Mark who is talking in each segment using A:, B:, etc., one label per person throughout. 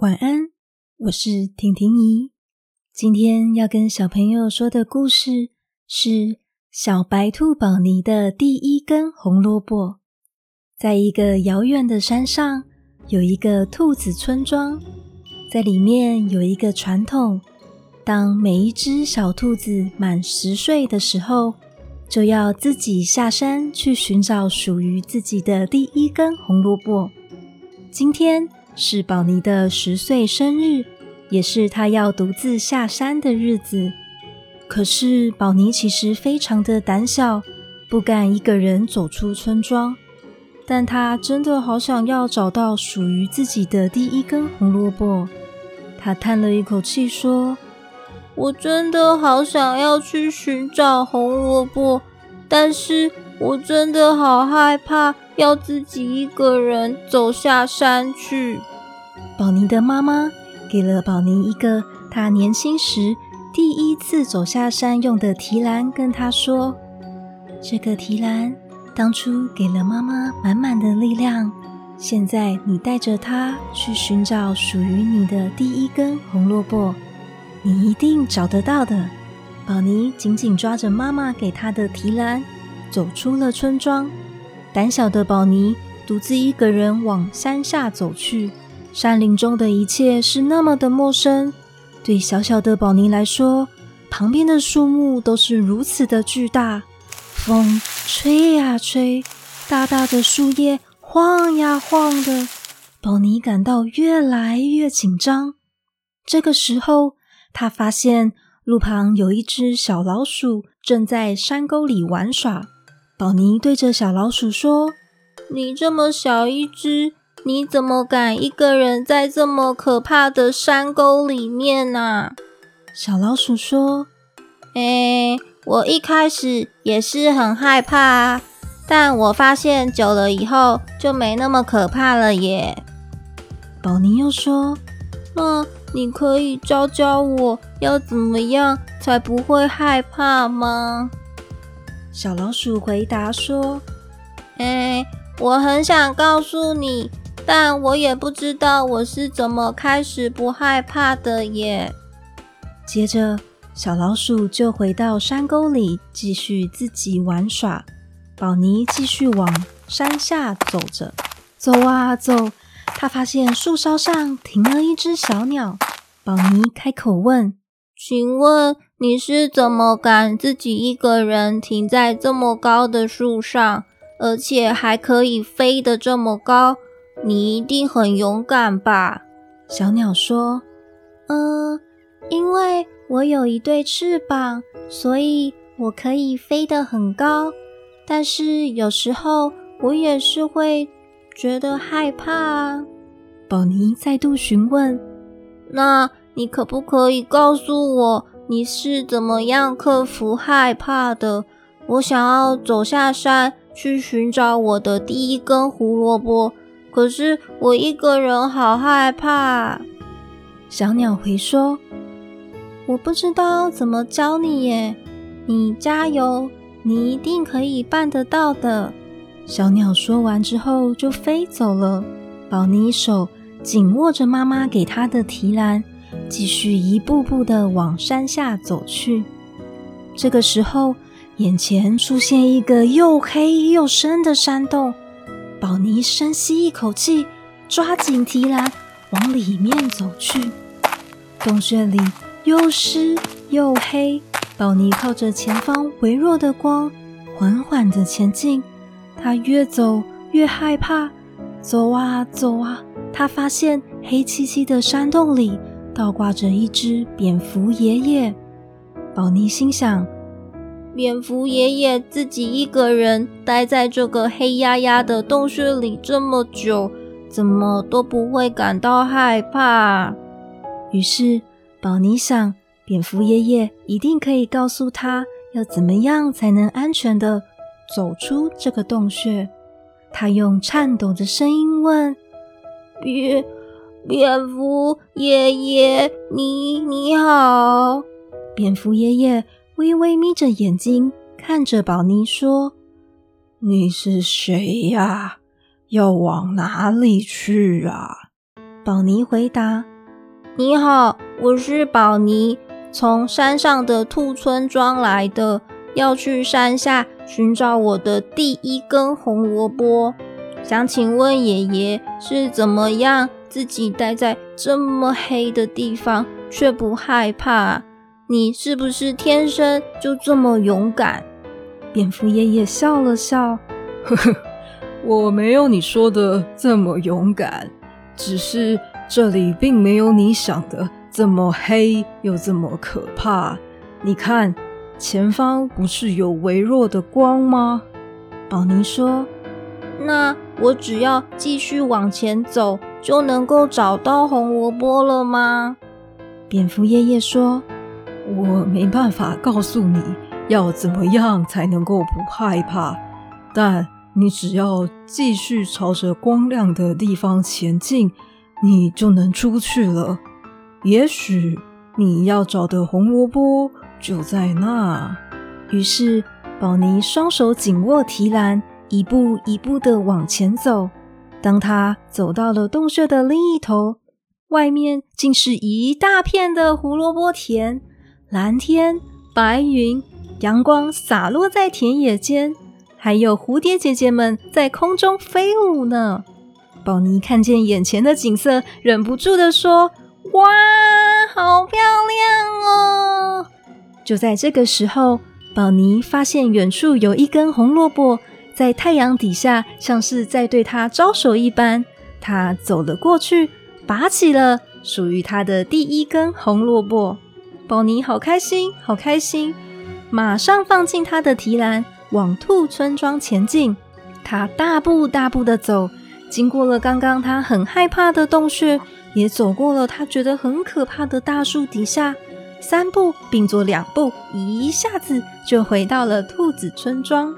A: 晚安，我是婷婷姨。今天要跟小朋友說的故事是《小白兔寶妮的第一根紅蘿蔔》。在一個遙遠的山上，有一個兔子村莊，在裡面有一個傳統：當每一隻小兔子滿十歲的時候，就要自己下山去尋找屬於自己的第一根紅蘿蔔。今天是寶妮的十歲生日，也是她要獨自下山的日子。可是寶妮其實非常的膽小，不敢一個人走出村莊。但她真的好想要找到屬於自己的第一根紅蘿蔔。她嘆了一口氣說：“我真的好想要去尋找紅蘿蔔，但是我真的好害怕要自己一個人走下山去。”寶妮的媽媽給了寶妮一個她年輕時第一次走下山用的提籃，跟她說：“這個提籃當初給了媽媽滿滿的力量，現在你帶着它去尋找屬於你的第一根紅蘿蔔，你一定找得到的。”寶妮緊緊抓着媽媽給她的提籃，走出了村莊。膽小的寶妮獨自一個人往山下走去。山林中的一切是那麼的陌生，對小小的寶妮來說，旁邊的樹木都是如此的巨大。風吹呀吹，大大的樹葉晃呀晃的，寶妮感到越來越緊張。這個時候，她發現路旁有一隻小老鼠正在山溝裡玩耍。寶妮對着小老鼠說：“你這麼小一隻。”你怎麼敢一個人在這麼可怕的山溝裡面啊？小老鼠說：“哎、欸，我一開始也是很害怕啊，但我發現久了以後就沒那麼可怕了耶。”寶妮又說：“那你可以教教我要怎麼樣才不會害怕嗎？”小老鼠回答說：“哎、欸，我很想告訴你。”但我也不知道我是怎麼開始不害怕的耶。接着，小老鼠就回到山溝裡，繼續自己玩耍。寶妮繼續往山下走着，走啊走，他發現樹梢上停了一隻小鳥。寶妮開口問：“請問你是怎麼敢自己一個人停在這麼高的樹上，而且還可以飛得這麼高？”你一定很勇敢吧？小鳥說：“嗯，因為我有一對翅膀，所以我可以飛得很高。但是有時候我也是會覺得害怕啊。”寶妮再度詢問：“那你可不可以告訴我你是怎麼樣克服害怕的？我想要走下山去尋找我的第一根胡蘿蔔。”可是我一個人好害怕啊。小鳥回說：“我不知道怎麼教你耶，你加油，你一定可以辦得到的。”小鳥說完之後就飛走了。寶妮手緊握着媽媽給她的提籃，繼續一步步的往山下走去。這個時候，眼前出現一個又黑又深的山洞。寶妮深吸一口氣，抓緊提籃往裡面走去。洞穴裡又濕又黑，寶妮靠着前方微弱的光，緩緩地前進。她越走越害怕，走啊走啊，她發現黑漆漆的山洞裡倒掛着一隻蝙蝠爺爺。寶妮心想。蝙蝠爺爺自己一個人待在這個黑壓壓的洞穴裡這麼久，怎麼都不會感到害怕？於是，寶妮想，蝙蝠爺爺一定可以告訴他要怎麼樣才能安全的走出這個洞穴。他用顫抖的聲音問：“蝙蝠爺爺，你你好，蝙蝠爺爺。”微微眯着眼睛看着寶妮說：“你是誰呀？要往哪裡去啊？”寶妮回答：“你好，我是寶妮，從山上的兔村莊來的，要去山下尋找我的第一根紅蘿蔔。想請問爺爺是怎麼樣自己待在這麼黑的地方卻不害怕？”你是不是天生就這麼勇敢？蝙蝠爺爺笑了笑，呵呵，我沒有你說的這麼勇敢，只是這裡並沒有你想的這麼黑又這麼可怕。你看，前方不是有微弱的光嗎？寶妮說：“那我只要繼續往前走，就能夠找到紅蘿蔔了嗎？”蝙蝠爺爺說。我沒辦法告訴你要怎麼樣才能夠不害怕，但你只要繼續朝着光亮的地方前進，你就能出去了。也許你要找的紅蘿蔔就在那。於是，寶妮雙手緊握提籃，一步一步的往前走。當她走到了洞穴的另一頭，外面竟是一大片的胡蘿蔔田。藍天、白雲、陽光灑落在田野間，還有蝴蝶姐姐們在空中飛舞呢。寶妮看見眼前的景色，忍不住地說：“哇，好漂亮哦！”就在這個時候，寶妮發現遠處有一根紅蘿蔔在太陽底下，像是在對她招手一般。她走了過去，拔起了屬於她的第一根紅蘿蔔。寶寶妮好開心，好開心！馬上放進他的提籃，往兔村莊前進。他大步大步的走，經過了剛剛他很害怕的洞穴，也走過了他覺得很可怕的大樹底下。三步併作兩步，一下子就回到了兔子村莊。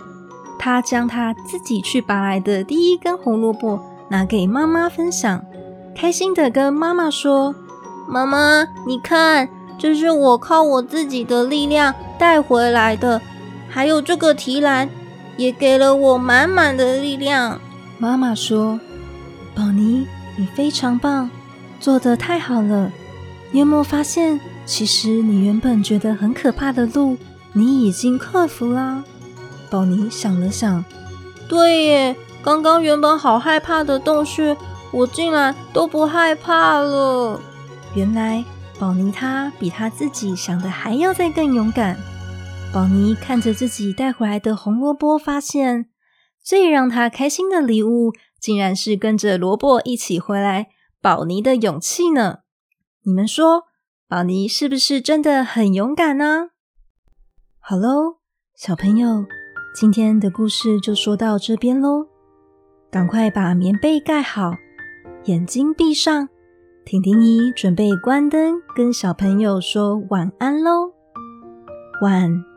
A: 他將他自己去拔來的第一根紅蘿蔔拿給媽媽分享，開心的跟媽媽說：“媽媽，你看。”這是我靠我自己的力量帶回來的，還有這個提籃，也給了我滿滿的力量。媽媽說：“寶妮，你非常棒，做得太好了。”你有沒有發現，其實你原本覺得很可怕的路，你已經克服了。寶妮想了想，對耶，剛剛原本好害怕的洞穴，我竟然都不害怕了。原來。寶妮，尼，她比她自己想的還要再更勇敢。寶妮看着自己帶回來的紅蘿蔔，發現最讓她開心的禮物，竟然是跟着蘿蔔一起回來，寶妮的勇氣呢？你們說，寶妮是不是真的很勇敢呢？好嘍，小朋友，今天的故事就說到這邊嘍。趕快把棉被蓋好，眼睛閉上。婷婷姨準備關燈，跟小朋友說晚安嘍。晚。